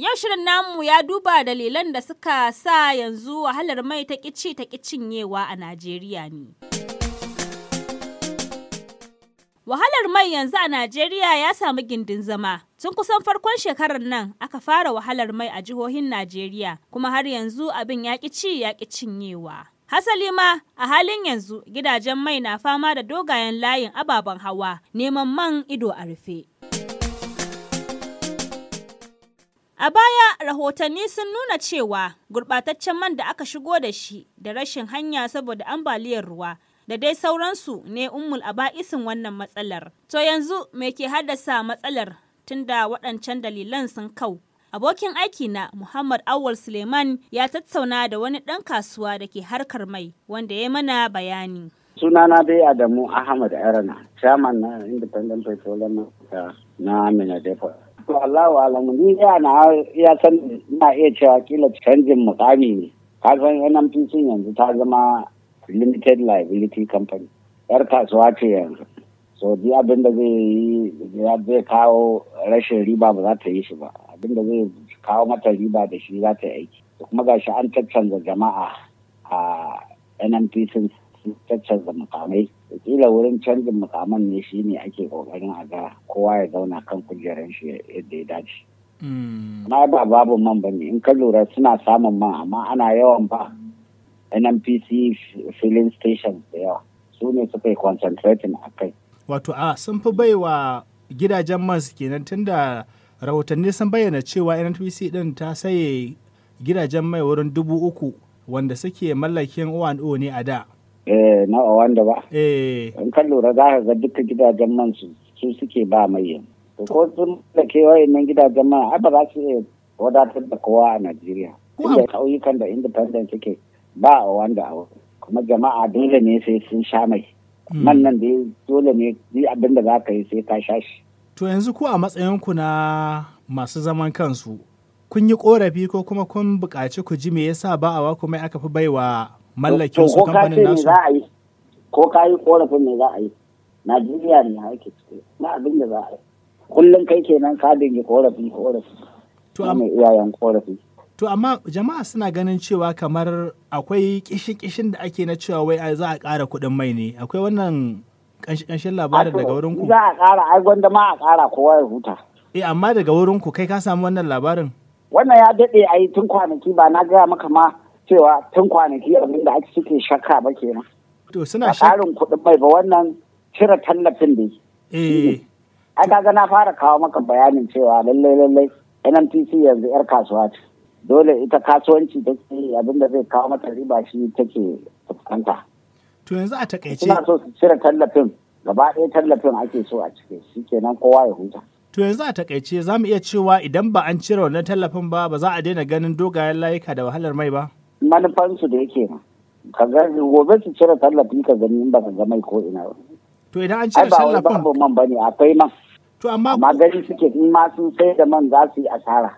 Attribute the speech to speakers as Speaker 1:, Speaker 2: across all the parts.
Speaker 1: Yau shirin namu ya duba dalilan da suka sa yanzu wahalar mai ta ƙici ta cinyewa a Najeriya ne. Wahalar mai yanzu a Najeriya ya samu gindin zama. Tun kusan farkon shekarar nan aka fara wahalar mai a jihohin Najeriya, kuma har yanzu abin ya ci ya cinyewa. Hasali ma a halin yanzu gidajen mai na fama da dogayen layin ababen hawa neman man ido a rufe. A baya rahotanni sun nuna cewa gurɓataccen man da aka shigo da shi da rashin hanya saboda ambaliyar ruwa da dai sauransu ne ummul aba'isin wannan matsalar. To yanzu me ke haddasa matsalar tunda waɗancan dalilan sun kau. Abokin aiki na Muhammad Awal Suleiman ya tattauna da wani ɗan kasuwa da ke harkar mai wanda ya mana bayani.
Speaker 2: sunana dai Adamu Ahmad Arana, shaman na Independent Petroleum
Speaker 3: na Amina
Speaker 2: Depot. to Allahu alamu ni ya na ya san na iya cewa kila canjin mukami ne ka san NMPC yanzu ta zama limited liability company yar kasuwa ce yanzu so ji abin da zai yi zai kawo rashin riba ba za ta yi shi ba abin da zai kawo mata riba da shi za ta yi aiki kuma gashi an tattanza jama'a a NMPC masu canza mukamai kila wurin canjin mukaman ne shi ne ake kokarin a ga kowa ya zauna kan kujerar shi yadda ya dace
Speaker 3: na hmm.
Speaker 2: ba babu man ba ne in ka lura suna samun man amma ana yawan ba nnpc filling stations da yawa su ne suka yi concentrating a kai
Speaker 4: wato a sun fi baiwa gidajen man kenan tunda rahotanni sun bayyana cewa nnpc din ta saye gidajen mai wurin dubu uku wanda suke mallakin o ne a da
Speaker 2: Eh, na wanda ba eh. in kan lura za ka ga duka gidajen man su suke ba mai ko sun da kewaye nan gidajen man a ba za su iya wadatar da kowa a najeriya inda kauyukan da independent suke ba a wanda a kuma jama'a dole ne sai sun sha mai hmm. man nan da dole ne duk abin da za ka yi sai ka sha shi
Speaker 4: to yanzu ko a matsayin ku na masu zaman kansu kun yi korafi ko kuma kun buƙaci ku ji me yasa ba a wa kuma aka fi baiwa mallakin su kamfanin nasu za
Speaker 2: a yi ko ka yi korafin me za a yi najeriya ne ake ciki na abin da za a yi kullum kai kenan ka dinga korafi korafi to amma iyayen korafi
Speaker 4: to amma jama'a suna ganin cewa kamar akwai kishi-kishin da ake na cewa wai za a ƙara kuɗin mai ne akwai wannan kanshin labarin daga wurin ku za
Speaker 2: a ƙara ai gwanda ma a ƙara kowa ya huta
Speaker 4: eh amma daga wurin ku kai ka samu wannan labarin
Speaker 2: wannan ya daɗe ai tun kwanaki ba na gaya maka ma cewa tun kwanaki abin da ake suke shakka ba kenan. To suna shakka. Tsarin kuɗin mai ba wannan cire tallafin da yi. Eh. Ai ga na fara kawo maka bayanin cewa lallai lallai NMTC yanzu 'yar kasuwa ce. Dole ita kasuwanci ke abin da zai kawo mata riba shi take fuskanta. To yanzu a takaice. Suna so su cire tallafin gaba ɗaya tallafin ake so a cike shi kenan kowa ya huta.
Speaker 4: To yanzu a takaice za mu iya cewa idan ba an cire wannan tallafin ba ba za a daina ganin dogayen layuka da wahalar mai ba?
Speaker 2: manufansu da yake ka ga gobe su cire tallafi ka gani in ba ka ga mai ko ina ba to idan an cire tallafin ba man bane akwai man to amma amma suke in ma sun sai da man za su yi asara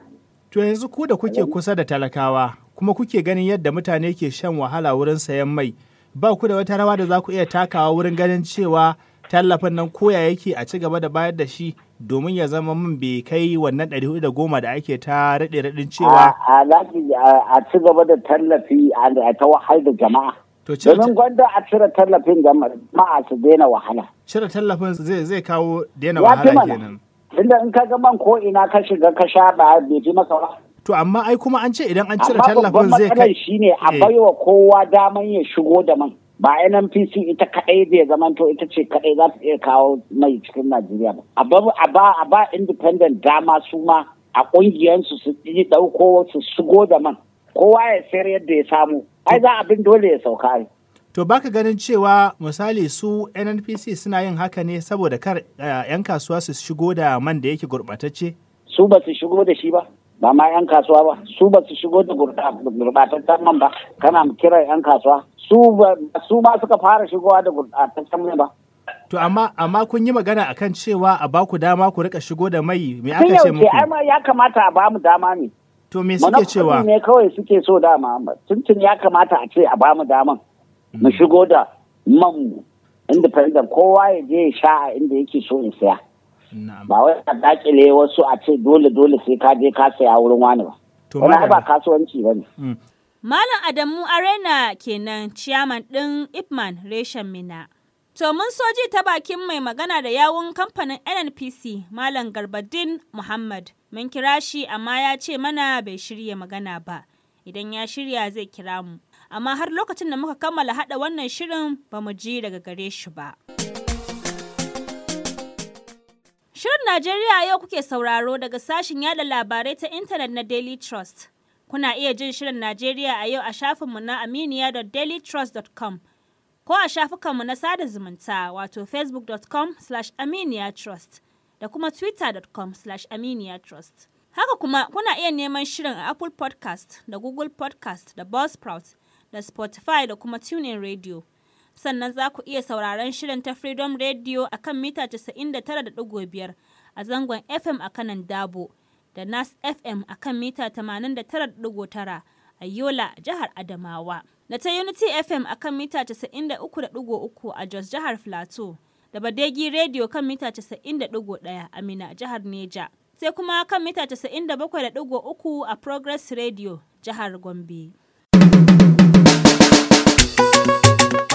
Speaker 4: to yanzu ku da kuke kusa da talakawa kuma kuke ganin yadda mutane ke shan wahala wurin sayan mai ba ku da wata rawa da za ku iya takawa wurin ganin cewa tallafin nan koya yake a ci gaba da bayar da shi domin ya zama min bai kai wannan ɗari hudu da goma da ake ta raɗe raɗin cewa.
Speaker 2: A ci gaba da tallafi a ta wahal da jama'a. To cire Domin gwanda a cire tallafin jama'a su daina wahala.
Speaker 4: Cire tallafin zai zai kawo daina wahala kenan. Tunda in ka ga man ko ina ka
Speaker 2: shiga ka sha ba
Speaker 4: bai ji masa ba. To amma ai kuma an ce idan an cire tallafin zai kai. Amma babban shi
Speaker 2: shine a eh. baiwa kowa daman ya shigo da man. ba nnpc ita kaɗai zai zamanto ita ce kaɗai za ta iya kawo mai cikin najeriya ba a ba a ba independent dama su ma a ƙungiyarsu su yi ɗauko su shigo da man kowa ya sayar yadda ya samu ai za abin dole ya sauka ne.
Speaker 4: to baka ganin cewa misali su nnpc suna yin haka ne saboda kar eh, 'yan kasuwa su shigo da man da yake gurɓatacce su
Speaker 2: ba su shigo da shi ba ba ma 'yan kasuwa ba su ba su shigo da gurɓataccen man ba kana kira 'yan kasuwa su ma suka fara shigowa da gurɓataccen man ba
Speaker 4: To amma amma kun yi magana akan cewa a ba ku dama ku rika shigo da mai me aka ce muku? Ai
Speaker 2: ya kamata a ba mu dama ne. To me suke cewa? ne kawai suke so dama tuntun ya kamata a ce a ba mu daman mu hmm. shigo da man mu independent kowa ya je ya sha inda yake so ya saya. ba wai a dakile wasu a ce dole dole sai ka je ka saya wurin wani ba wani ba kasuwanci ba ne
Speaker 1: mm. malam adamu arena kenan ciyaman din ipman reshen mina To mun soji ta bakin mai magana da yawun kamfanin NNPC Malam Garbadin Muhammad. Mun kira shi amma ya ce mana bai shirya magana ba. Idan ya shirya zai kira mu. Amma har lokacin da muka kammala haɗa wannan shirin ba mu ji daga gare shi ba. Shirin Najeriya yau kuke sauraro daga sashen yada labarai ta intanet na Daily Trust. Kuna iya jin Shirin Najeriya a yau a shafinmu na aminiya.dailytrust.com ko a shafukanmu na sada zumunta wato facebook.com aminiyatrust da kuma twitter.com aminiyatrust. Haka kuma kuna iya neman shirin a Apple podcast da Google podcast da Buzzsprout da Spotify da kuma TuneIn Radio. sannan za ku iya sauraron shirin ta Freedom Radio a kan mita 99.5 a zangon FM a kanan Dabo da Nas FM a kan mita 89.9 a Yola jihar Adamawa. Da ta Unity FM a kan mita 93.3 a Jos jihar filato da Badegi Radio kan mita 90.1 a Mina jihar Neja. Sai kuma kan mita 97.3 a Progress Radio jihar Gombe.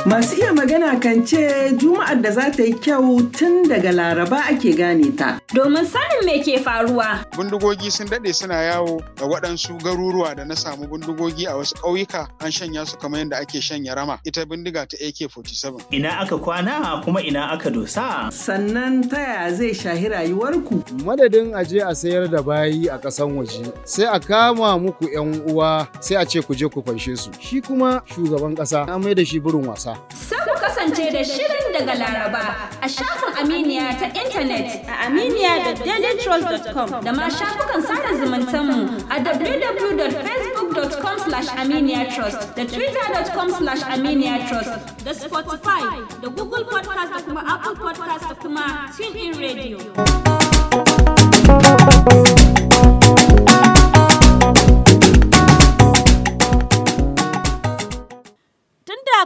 Speaker 1: Masu iya magana kan ce Juma'ar da za ta yi kyau tun daga Laraba ake gane ta. Domin sanin me ke faruwa.
Speaker 5: Bindigogi sun daɗe suna yawo ga waɗansu garuruwa da na samu bindigogi a wasu ƙauyuka an shanya su kamar yadda ake shanya rama. Ita bindiga ta AK-47.
Speaker 4: Ina aka kwana kuma ina aka dosa. Sannan ta zai shahi rayuwarku? Madadin a je a sayar da bayi a ƙasan waje sai a kama muku 'yan uwa sai a ce ku je ku fanshe su. Shi kuma shugaban ƙasa Na mai da shi burin wasa.
Speaker 1: Sai ku kasance da shirin daga Laraba a shafin Aminiya ta intanet a aminiya.dailytrust.com da ma shafukan sada mu a www.facebook.com/aminiyatrust da twitter.com/aminiyatrust da Spotify da Google Podcast da kuma Apple Podcast da kuma TuneIn Radio.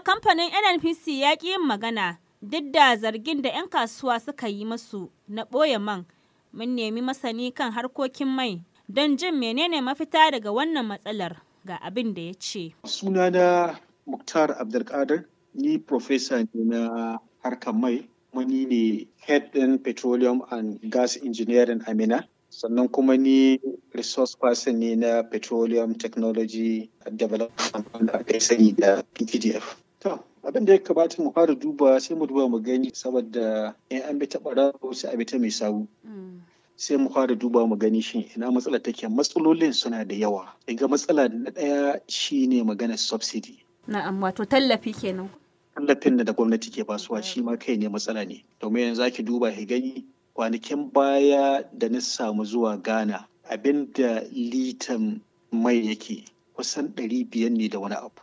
Speaker 1: kamfanin NNPC ya ƙi yin magana duk da zargin da 'yan kasuwa suka yi masu na ɓoye man. Mun nemi masani kan harkokin mai don jin menene mafita daga wannan matsalar ga abin da ya ce.
Speaker 5: Sunana Muktar Abdulkadir ni profesa ne na harkar mai wani ne head in petroleum and gas engineering amina sannan kuma ni resource person ne na petroleum technology development wanda aka sani da ptdf To, abin da ya kamata mu fara duba sai mu duba mu gani saboda in an bi taɓa rabu sai a bi ta mai sawu. Mm. Sai mu fara duba mu gani shin ina matsala take matsalolin suna da yawa. Daga matsala na ɗaya shine magana subsidy.
Speaker 1: Na'am wato tallafi kenan.
Speaker 5: Tallafin da gwamnati ke basuwa mm. shi ma kai ne matsala ne. Domin yanzu zaki duba ki gani kwanakin baya da na samu zuwa Ghana abin da litan mai yake kusan ɗari biyar ne da wani abu.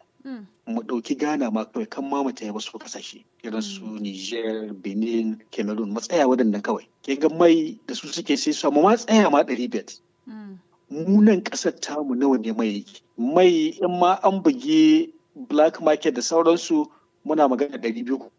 Speaker 5: mu ɗauki ghana ma kawai kan ma mu taya wasu kasashe irin su mm. niger benin cameroon matsaya waɗannan kawai ke ga mai da su suke sai su ma tsaya ma ɗari bet mm. munan ƙasar tamu nawa ne mai yake mai in ma an bugi black market da sauransu muna magana ɗari biyu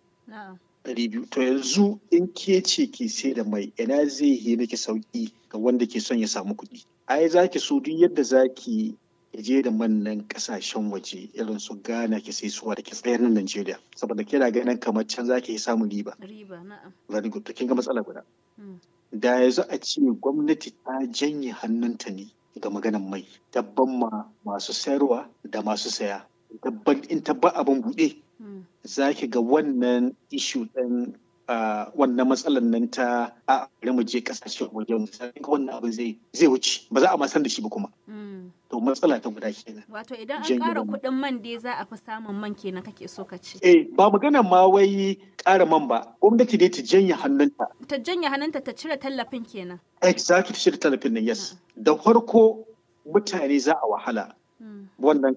Speaker 5: ɗari biyu to yanzu in ke ce ke sai da mai ina zai yi miki sauƙi ga wanda ke son ya samu kuɗi ai za ki so duk yadda za ki je da manyan kasashen waje irin su Ghana ke sai suwa da ke tsayar nan Najeriya saboda kira ga ganin kamar can zaki yi samun riba. Riba na'am. Very good kin ga matsala guda. Hmm. Da yanzu a ce gwamnati ta janye hannunta ne ga maganan mai dabban ma masu sayarwa da masu saya dabban in tabba abin buɗe. Hmm. Zaki ga wannan ishu ɗan. wannan matsalar nan ta a mu je kasashe wajen ka wannan abin zai zai wuce ba za a ma san da shi ba kuma hmm. to matsala ta guda kenan
Speaker 1: wato idan an ƙara kuɗin man dai za a fi samun man kenan kake so ka ci eh
Speaker 5: ba magana ma wai ƙara man ba gwamnati dai ta janye hannunta
Speaker 1: ta janye hannunta ta cire tallafin kenan
Speaker 5: exactly ta cire tallafin nan yes hmm. da farko mutane za a wahala hmm. wannan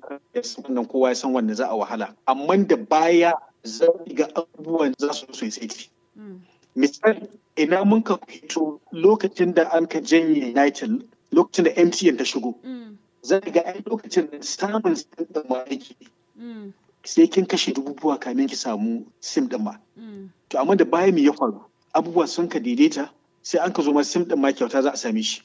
Speaker 5: wannan kowa ya san wannan, za a wahala amma da baya za ga abubuwan za su sosai misali ina mun ka fito lokacin da an ka janye united lokacin da mtn ta shigo zai ga ai lokacin da samun sim din ma yake sai kin kashe dubu buwa kamin ki samu sim din ma to amma da baya me ya faru abubuwa sun ka daidaita sai an ka zo ma sim din ma kyauta za a same shi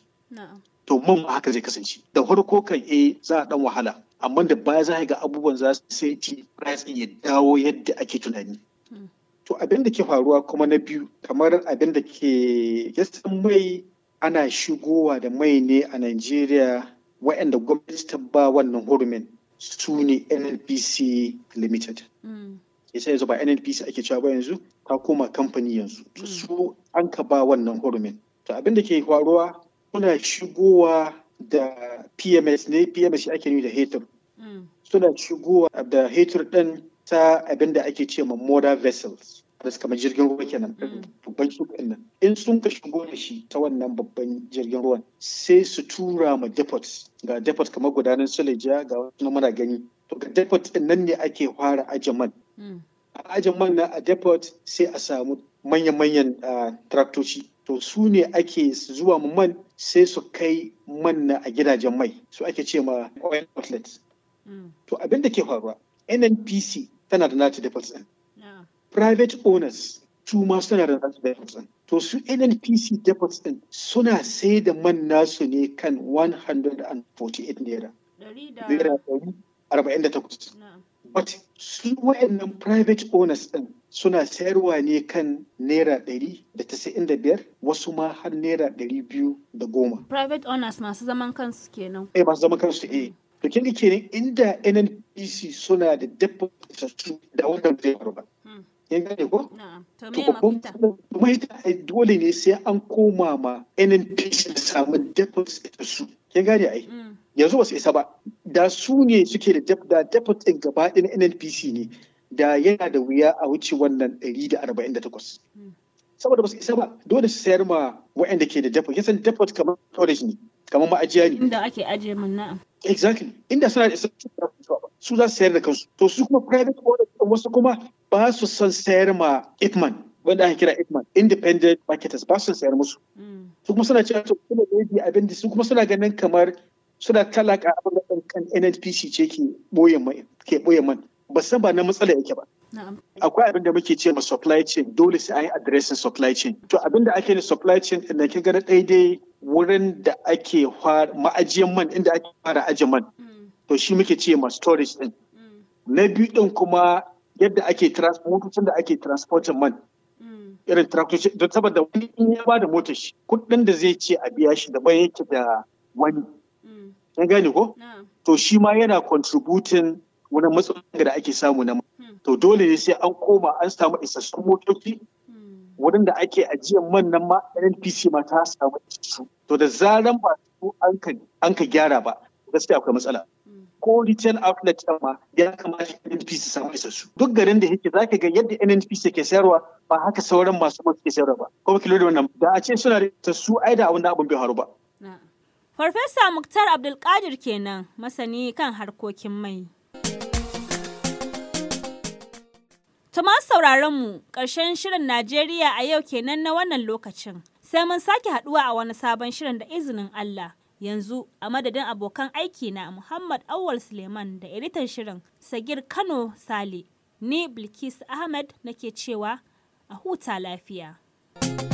Speaker 5: to mun haka zai kasance da farko kan eh za a dan wahala amma da baya za ga abubuwan za su sai price ya dawo yadda ake tunani hmm. to abin da ke faruwa kuma na biyu kamar abin da ke yasan mai ana shigowa da mai ne a Najeriya waɗanda gwamnati ta ba wannan hurumin su ne NNPC Limited. Mm. yasa yanzu ba NNPC ake cewa ba yanzu ta koma kamfani yanzu. Mm. Su an ka ba wannan hurumin. To abin da ke faruwa suna shigowa da PMS ne PMS ake da hetur. Mm. Suna shigowa da hetur ɗin ta abin da ake ce ma motor vessels. su kamar jirgin ruwa kenan mm. babban shugaban nan in sun ka shigo da shi ta wannan babban jirgin ruwan sai su tura ma depot ga depot kamar gudanar suleja ga wasu muna gani to ga depot din nan ne ake fara aje man mm. a aje man na a depot sai a samu manyan-manyan traktoci to su ne ake zuwa mu man sai su kai man na a gidajen mai su ake ce ma oil outlet mm. to abin da ke faruwa nnpc tana da nata depot din private owners su ma suna da nasu depots ɗin. To su NNPC depots ɗin suna sai da man nasu ne kan 148 naira. Naira 48. But su wa'annan private owners ɗin suna sayarwa ne kan naira ɗari da tasa'in da biyar wasu ma har naira ɗari biyu da goma.
Speaker 1: Private owners masu zaman kansu kenan.
Speaker 5: Eh masu zaman kansu eh. To kin kenan inda NNPC suna da deposit da wannan zai faru ba. Hmm. ya gane ko? to me dole ne sai an koma ma NNPC da samu deposit su ya gane ai mm. yanzu wasu isa ba da su ne suke da da deposit gaba ɗin NNPC ne da yana da wuya a wuce wannan 148 mm. saboda ba su isa ba dole su sayar ma waɗanda ke da depot yasan depot kamar storage ne kamar ma'ajiya ne
Speaker 1: inda ake ajiye mun na'am
Speaker 5: exactly inda suna da isa ba su za sayar da kansu to su kuma private owners wasu kuma ba su son sayar ma Ipman wanda aka kira Ipman independent marketers ba su sayar musu mm. su kuma suna cewa to kuma maybe abin da su kuma suna ganin kamar suna talaka abin da kan NNPC ce ke boye man ke boye man ba san ba na matsala yake ba akwai abin da muke ce ma supply chain dole sai an yi addressing supply chain to abin da ake ne supply chain da kin ga daidai wurin da ake ma'ajiyan man inda ake fara ajiye man mm. to shi muke ce ma storage din mm. na biyu din kuma yadda ake motocin da ake transporting man mm. irin traktoci don saboda wani in ya ba da motar shi kudin da zai ce a biya shi da ban yake da wani an mm. gane ko to shi ma yana contributing wani matsalolin da ake samu na hmm. to dole ne sai an koma an samu isassun motoci hmm. wurin da ake ajiyar man nan ma NPC ma ta samu isassu to da zaran ba su an ka gyara ba gaskiya akwai matsala ko retail outlet ɗin ma ya kamata NNP su samu isassu. Duk garin da yake zaka ga yadda NNP ke sayarwa ba haka sauran masu man suke sayarwa ba. Kuma kilo da wannan da a ce suna da isassu ai da abin da abin bai haru ba.
Speaker 1: Farfesa Muktar Abdulkadir kenan masani kan harkokin mai. Tuma sauraron mu ƙarshen shirin Najeriya a yau kenan na wannan lokacin. Sai mun sake haɗuwa a wani sabon shirin da izinin Allah. Yanzu a madadin abokan aiki na Muhammad Awal Suleiman da editan shirin Sagir Kano Sale, ni Bilkis Ahmed nake cewa a huta
Speaker 3: lafiya.